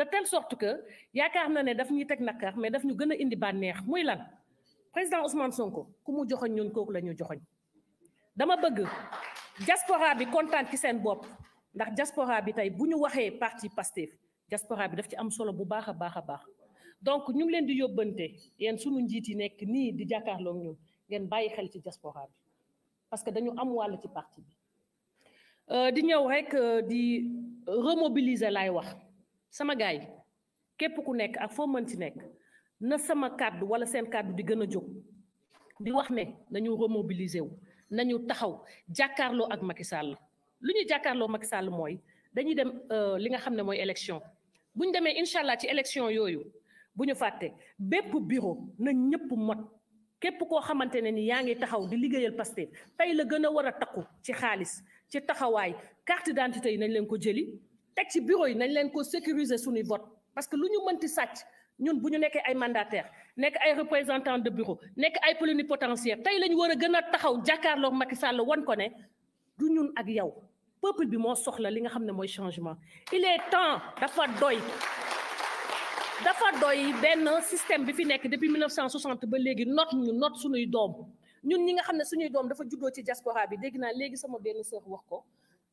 de telle sorte que yaakaar na ne daf ñuy teg nakar mais daf ñu gën a indi bànneex muy lan président Ousmane Sonko ku mu joxoñ ñun kooku la ñu joxoñ dama bëgg diaspora bi kontaan ci seen bopp ndax diaspora bi tey bu ñu waxee parti Pastef diaspora bi daf ci am solo bu baax a baax a baax donc ñu ngi leen di yóbbante yéen suñu njiit yi nekk nii di jàkkaarloog ñun ngeen bàyyi xel ci diaspora bi parce que dañu am wàll ci parti bi euh, di ñëw rek euh, di remobiliser lay wax sama gaay yi képp ku nekk ak foo mën ci nekk na sama kàddu wala seen kàddu di gën a jóg di wax ne nañu remobiliser wu nañu taxaw jàkkaarloo ak Macky Sall lu ñuy jàkkaarloo Macky Sall mooy dañuy dem euh, li nga xam ne mooy élection bu ñu demee incha allah ci élection yooyu bu ñu fàtte bépp bureau na ñëpp mot képp koo xamante ne ni yaa ngi taxaw di liggéeyal Pastef tey la gën a war a takku ci xaalis ci taxawaay carte d'identité yi nañ leen ko jëli. teg ci bureau yi nañ leen ko sécuriser suñu vote parce que lu ñu mënti sàcc ñun bu ñu nekkee ay mandataire nekk ay représentants de bureau nekk ay plénipotentiaire tey la ñu war a gën a taxaw jàkkaarloo Macky Sall wan ko ne du ñun ak yow peuple bi moo soxla li nga xam ne mooy changement il est temps dafa doy dafa doy benn système bi fi nekk depuis 1960 ba léegi not ñu not suñuy doom ñun ñi nga xam ne suñuy doom dafa juddoo ci diaspora bi dégg naa léegi sama benn sœur wax ko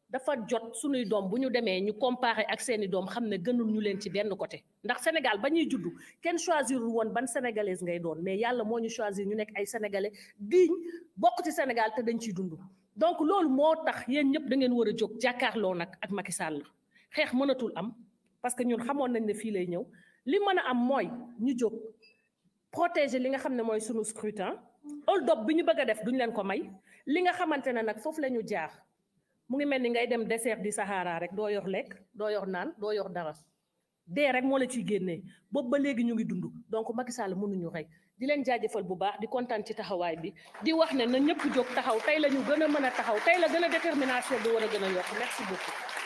dafa jot suñuy doom bu ñu demee ñu comparer ak seeni doom xam ne gënul ñu leen ci benn côté ndax Sénégal ba ñuy juddu kenn choisir woon ban sénégalaise ngay doon mais yàlla moo ñu choisir ñu nekk ay sénégalais diñ bokk ci Sénégal te dañ ciy dund. donc loolu moo tax yéen ñëpp da ngeen war a jóg jàkkaarloo nag ak Macky Sall xeex mënatul am parce que ñun xamoon nañ ne fii lay ñëw li mën a am mooy ñu jóg protéger li nga xam ne mooy sunu scrutin hold up bi ñu bëgg a def duñ leen ko may li nga xamante ne nag foofu la ñu jaar. mu ngi mel ni ngay dem désert di Sahara rek doo yor lekk doo yor naan doo yor dara dee rek moo la ciy génnee boobu ba léegi ñu ngi dund donc Macky Sall mënuñu rey di leen jaajëfal bu baax di kontaan ci taxawaay bi di wax ne na ñëpp jóg taxaw tey la ñu gën a mën a taxaw tey la gën a détermination bi war a gën a yokk merci beaucoup.